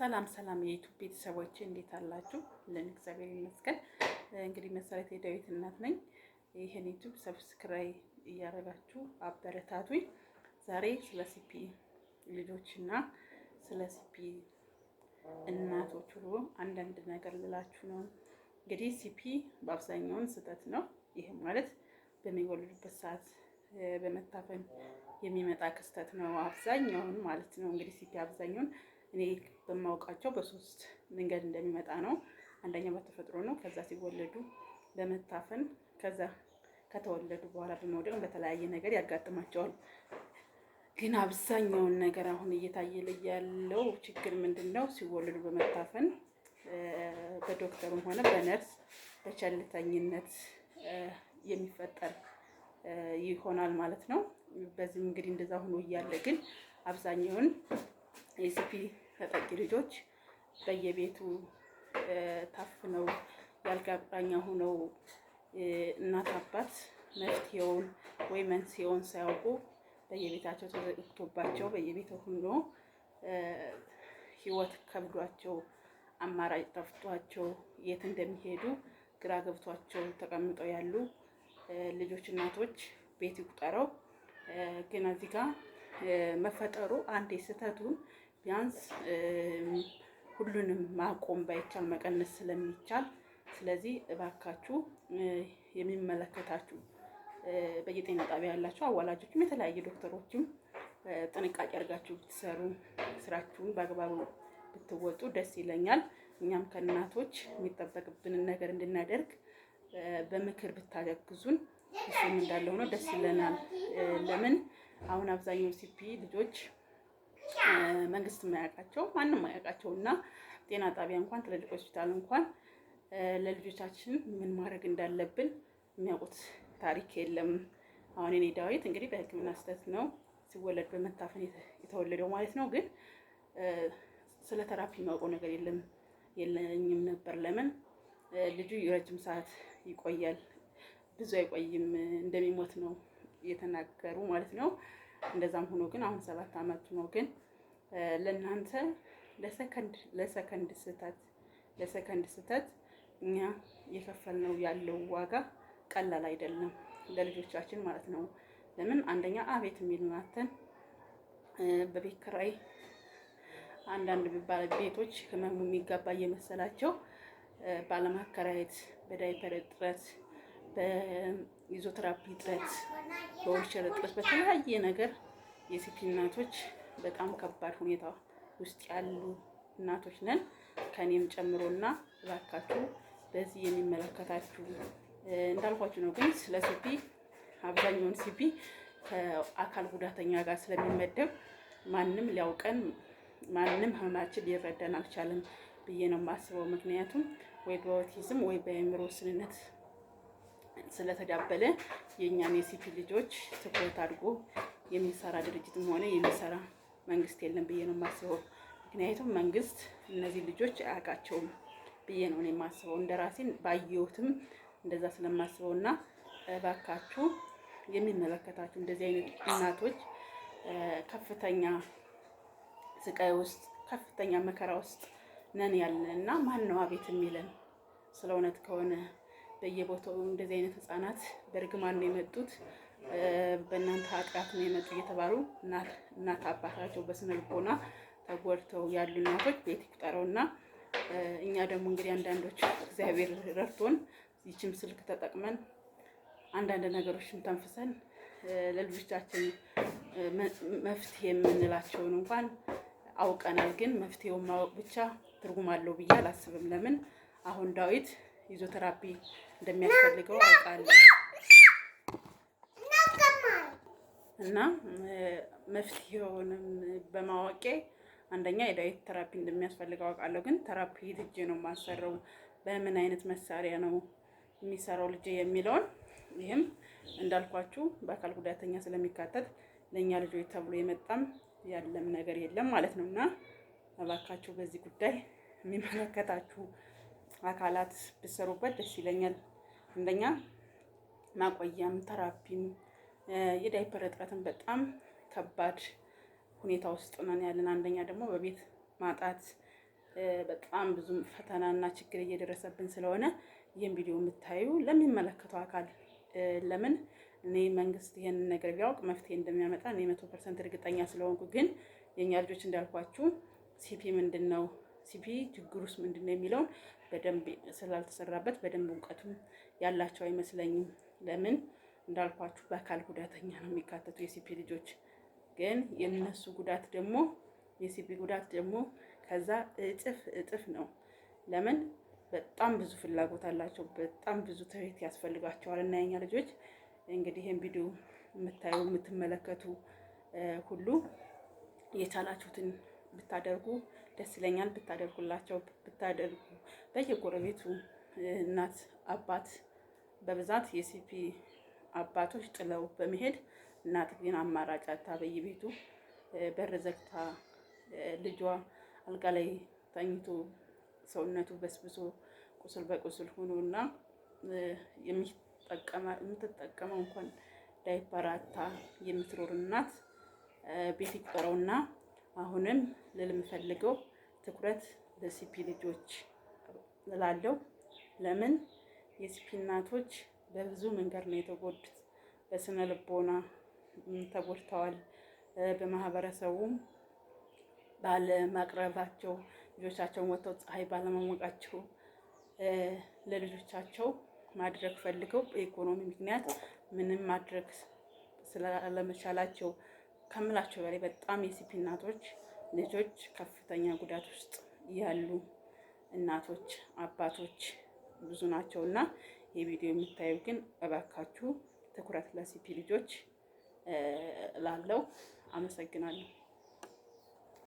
ሰላም ሰላም የዩቱብ ቤተሰቦች እንዴት አላችሁ? ለን እግዚአብሔር ይመስገን። እንግዲህ መሰረት የዳዊት እናት ነኝ። ይህን ዩቱብ ሰብስክራይብ እያደረጋችሁ አበረታቱኝ። ዛሬ ስለ ሲፒ ልጆችና ስለ ሲፒ እናቶች ሁሉ አንዳንድ ነገር ልላችሁ ነው። እንግዲህ ሲፒ በአብዛኛውን ስህተት ነው። ይህም ማለት በሚወልዱበት ሰዓት በመታፈን የሚመጣ ክስተት ነው። አብዛኛውን ማለት ነው እንግዲህ ሲፒ አብዛኛውን እኔ በማውቃቸው በሶስት መንገድ እንደሚመጣ ነው። አንደኛ በተፈጥሮ ነው። ከዛ ሲወለዱ በመታፈን ከዛ ከተወለዱ በኋላ በመውደቅ በተለያየ ነገር ያጋጥማቸዋል። ግን አብዛኛውን ነገር አሁን እየታየ ላይ ያለው ችግር ምንድን ነው? ሲወለዱ በመታፈን በዶክተርም ሆነ በነርስ በቸልተኝነት የሚፈጠር ይሆናል ማለት ነው። በዚህም እንግዲህ እንደዛ ሆኖ እያለ ግን አብዛኛውን የሲፒ ተጠቂ ልጆች በየቤቱ ታፍነው ያልጋ ቁራኛ ሆነው እናት አባት መፍትሄውን ወይ መንስኤውን ሳያውቁ በየቤታቸው ተዘግቶባቸው በየቤታቸው ሆኖ ህይወት ከብዷቸው አማራጭ ጠፍቷቸው የት እንደሚሄዱ ግራ ገብቷቸው ተቀምጠው ያሉ ልጆች እናቶች ቤት ይቁጠረው። ግን እዚህ ጋር መፈጠሩ አንዴ ስህተቱን ቢያንስ ሁሉንም ማቆም ባይቻል መቀነስ ስለሚቻል፣ ስለዚህ እባካችሁ የሚመለከታችሁ በየጤና ጣቢያ ያላችሁ አዋላጆችም የተለያየ ዶክተሮችም ጥንቃቄ አድርጋችሁ ብትሰሩ ስራችሁን በአግባቡ ብትወጡ ደስ ይለኛል። እኛም ከእናቶች የሚጠበቅብንን ነገር እንድናደርግ በምክር ብታገግዙን እሱም እንዳለ ሆኖ ደስ ይለናል። ለምን አሁን አብዛኛው ሲፒ ልጆች መንግስት የማያውቃቸው ማንም ማያውቃቸው እና ጤና ጣቢያ እንኳን ትልልቅ ሆስፒታል እንኳን ለልጆቻችን ምን ማድረግ እንዳለብን የሚያውቁት ታሪክ የለም። አሁን እኔ ዳዊት እንግዲህ በህክምና ስህተት ነው ሲወለድ በመታፈን የተወለደው ማለት ነው። ግን ስለ ተራፒ የሚያውቀው ነገር የለም የለኝም ነበር። ለምን ልጁ ረጅም ሰዓት ይቆያል፣ ብዙ አይቆይም እንደሚሞት ነው የተናገሩ ማለት ነው። እንደዛም ሆኖ ግን አሁን ሰባት አመቱ ነው ግን ለእናንተ ለሰከንድ ለሰከንድ ስህተት ለሰከንድ ስህተት እኛ የከፈልነው ያለው ዋጋ ቀላል አይደለም፣ ለልጆቻችን ማለት ነው። ለምን አንደኛ አቤት የሚሉ ናተን በቤት ኪራይ አንዳንድ የሚባል ቤቶች ህመሙ የሚጋባ እየመሰላቸው ባለማከራየት፣ በዳይፐር እጥረት፣ በኢዞትራፒ እጥረት፣ በወልቸር እጥረት፣ በተለያየ ነገር የሴት እናቶች በጣም ከባድ ሁኔታ ውስጥ ያሉ እናቶች ነን ከኔም ጨምሮና እባካችሁ በዚህ የሚመለከታችሁ እንዳልኳችሁ ነው። ግን ስለ ሲፒ አብዛኛውን ሲፒ ከአካል ጉዳተኛ ጋር ስለሚመደብ ማንም ሊያውቀን ማንም ህመማችን ሊረዳን አልቻለም ብዬ ነው የማስበው። ምክንያቱም ወይ በኦቲዝም ወይ በአእምሮ ውስንነት ስለተዳበለ የእኛን የሲፒ ልጆች ትኩረት አድርጎ የሚሰራ ድርጅትም ሆነ የሚሰራ መንግስት የለም ብዬ ነው የማስበው። ምክንያቱም መንግስት እነዚህ ልጆች አያውቃቸውም ብዬ ነው የማስበው። እንደ ራሴን ባየሁትም እንደዛ ስለማስበው እና እባካችሁ የሚመለከታችሁ እንደዚህ አይነት እናቶች ከፍተኛ ስቃይ ውስጥ ከፍተኛ መከራ ውስጥ ነን ያለን እና ነው አቤት የሚለን ስለ እውነት ከሆነ በየቦታው እንደዚህ አይነት ህጻናት በእርግማን ነው የመጡት። በእናንተ ኃጢአት ነው የመጡ እየተባሉ እናት አባታቸው በስነ ልቦና ተጎድተው ያሉ እናቶች ቤት እና እኛ ደግሞ እንግዲህ አንዳንዶች እግዚአብሔር ረድቶን ይችም ስልክ ተጠቅመን አንዳንድ ነገሮችን ተንፍሰን ለልጆቻችን መፍትሄ የምንላቸውን እንኳን አውቀናል። ግን መፍትሄውን ማወቅ ብቻ ትርጉም አለው ብዬ አላስብም። ለምን አሁን ዳዊት ይዞ ተራፒ እንደሚያስፈልገው አውቃለሁ። እና መፍትሄውንም በማወቄ አንደኛ የዳዊት ተራፒ እንደሚያስፈልገው አውቃለሁ። ግን ተራፒ ልጄ ነው የማሰራው፣ በምን አይነት መሳሪያ ነው የሚሰራው ልጄ የሚለውን ይህም እንዳልኳችሁ በአካል ጉዳተኛ ስለሚካተት ለእኛ ልጆች ተብሎ የመጣም ያለም ነገር የለም ማለት ነው እና እባካችሁ በዚህ ጉዳይ የሚመለከታችሁ አካላት ብሰሩበት ደስ ይለኛል። አንደኛ ማቆያም ተራፒም የዳይፐር እጥረትን በጣም ከባድ ሁኔታ ውስጥ ነን ያለን። አንደኛ ደግሞ በቤት ማጣት በጣም ብዙ ፈተናና ችግር እየደረሰብን ስለሆነ ይህን ቪዲዮ የምታዩ ለሚመለከተው አካል ለምን እኔ መንግስት ይህንን ነገር ቢያውቅ መፍትሄ እንደሚያመጣ እኔ መቶ ፐርሰንት እርግጠኛ ስለሆንኩ፣ ግን የእኛ ልጆች እንዳልኳችሁ ሲፒ ምንድን ነው ሲፒ ችግር ውስጥ ምንድን ነው የሚለውን በደንብ ስላልተሰራበት በደንብ እውቀቱም ያላቸው አይመስለኝም ለምን እንዳልኳችሁ በአካል ጉዳተኛ ነው የሚካተቱ የሲፒ ልጆች። ግን የነሱ ጉዳት ደግሞ የሲፒ ጉዳት ደግሞ ከዛ እጥፍ እጥፍ ነው። ለምን በጣም ብዙ ፍላጎት አላቸው። በጣም ብዙ ትሬት ያስፈልጋቸዋል። እና የኛ ልጆች እንግዲህ ይህን ቪዲዮ የምታዩ የምትመለከቱ ሁሉ የቻላችሁትን ብታደርጉ ደስ ይለኛል። ብታደርጉላቸው ብታደርጉ በየጎረቤቱ እናት አባት በብዛት የሲፒ አባቶች ጥለው በመሄድ እናት ግን አማራጭ አታ በየቤቱ በር ዘግታ ልጇ አልጋ ላይ ተኝቶ ሰውነቱ በስብሶ ቁስል በቁስል ሆኖ እና የምትጠቀመው እንኳን ዳይፐር አታ የምትኖር እናት ቤት ይቆረውና አሁንም ልል የምፈልገው ትኩረት ለሲፒ ልጆች እላለሁ። ለምን የሲፒ እናቶች በብዙ መንገድ ነው የተጎዱት። በስነ ልቦና ተጎድተዋል። በማህበረሰቡም ባለማቅረባቸው፣ ልጆቻቸውን ወጥተው ፀሐይ ባለማሞቃቸው፣ ለልጆቻቸው ማድረግ ፈልገው በኢኮኖሚ ምክንያት ምንም ማድረግ ስላለመቻላቸው ከምላቸው በላይ በጣም የሲፒ እናቶች ልጆች ከፍተኛ ጉዳት ውስጥ ያሉ እናቶች አባቶች ብዙ ናቸው እና የቪዲዮ የምታዩ ግን እባካችሁ ትኩረት ለሲፒ ልጆች ላለው አመሰግናለሁ።